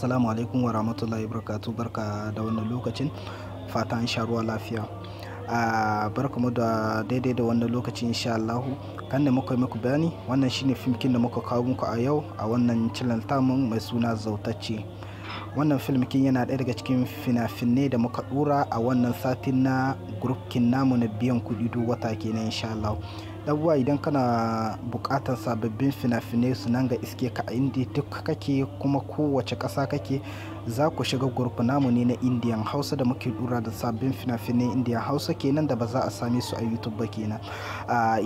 assalamu alaikum wa rahmatullahi barkatu barka da wannan lokacin fata an sha ruwa lafiya a ah, mu da daidai da wannan lokaci insha Allah kan da muka muku bayani wannan shine kin da muka kawo muku a yau a wannan channel mun mai suna zautacce wannan kin yana ɗaya daga cikin fina-finai da muka ɗura a wannan satin na kin namu na biyan kuɗi duk wata kenan insha Allah yawwa idan kana buƙatar sababbin fina-finai su nan ga iske ka a inda duk kake kuma kowace ƙasa kake za ku shiga gurfi namu ne na indiyan hausa da muke dura da sabbin fina-finai indiyan hausa kenan da ba za a same su a youtube ba kenan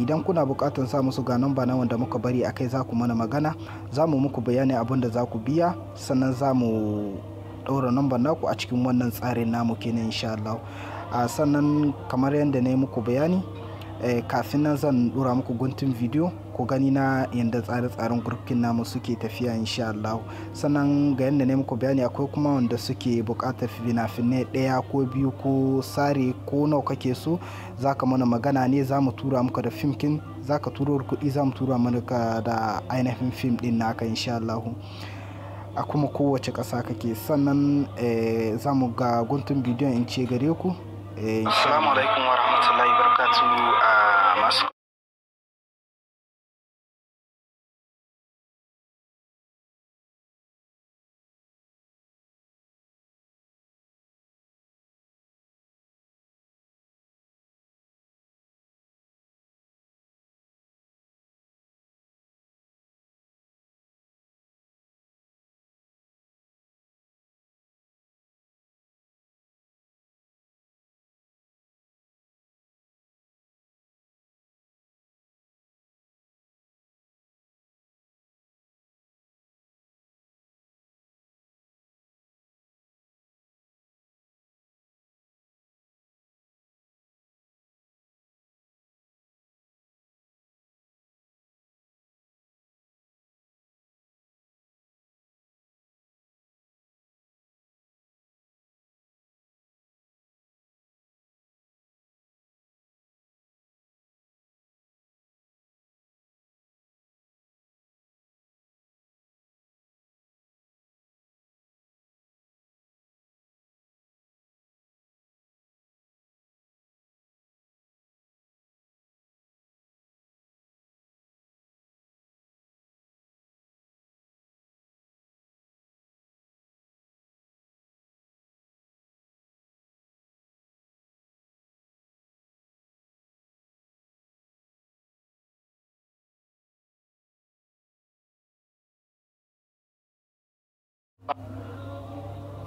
idan kuna buƙatar sa musu ga namba na wanda muka bari akai za ku mana magana za mu muku bayani abin da za ku biya sannan za mu ɗaura namba naku a cikin wannan tsarin namu kenan insha Allah sannan kamar yadda na yi muku bayani Eh, kafin nan zan dora muku guntun video ku gani na yadda tsare-tsaren gurfin namu suke tafiya insha Allah sannan ga yadda ne muku bayani akwai kuma wanda suke bukatar fina-finai ɗaya ko biyu ko sare ko nawa kake so za ka mana magana ne za mu tura muka da fimkin ka turo kuɗi za mu tura maka da ainihin fim ɗin naka insha Allah a kuma kowace ƙasa kake sannan eh, za mu ga guntun bidiyon in ce gare ku. Eh, Assalamu alaikum wa rahmatullahi barakatuhu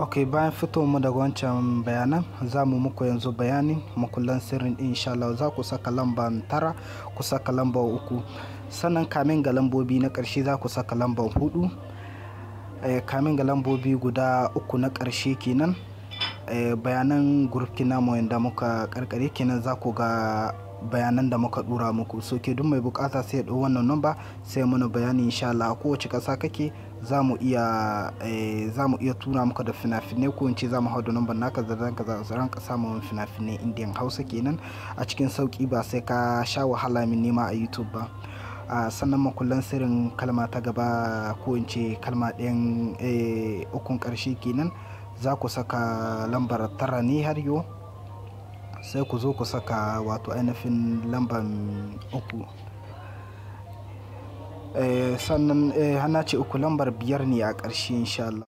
ok bayan fito mu daga wancan bayanan za mu muku yanzu bayanin makullan sirrin insha Allah za ku saka lamba tara ku saka lamba uku sannan kamin ga lambobi na ƙarshe za ku saka lamba hudu e, eh, kamin ga lambobi guda uku na karshe kenan eh, bayanan kina mu yadda muka karkare kenan za ku ga bayanan da muka dura muku so ke duk mai bukata sai ya wannan number sai mana bayani insha Allah kowace kasa kake za mu iya eh, za iya tura muka da fina-finai ko in ce za mu hau da number naka da ranka za ranka samun fina-finai indian hausa kenan a cikin sauki ba sai ka sha wahala min nema a youtube ba a sannan makullan sirrin kalma ta gaba ko in ce kalma ɗayan eh, ukun ƙarshe kenan za ku saka lambar tara ne har yau sai ku zo ku saka wato ainihin lambar uku eh, sannan eh, hana ce uku lambar biyar ne a ƙarshe insha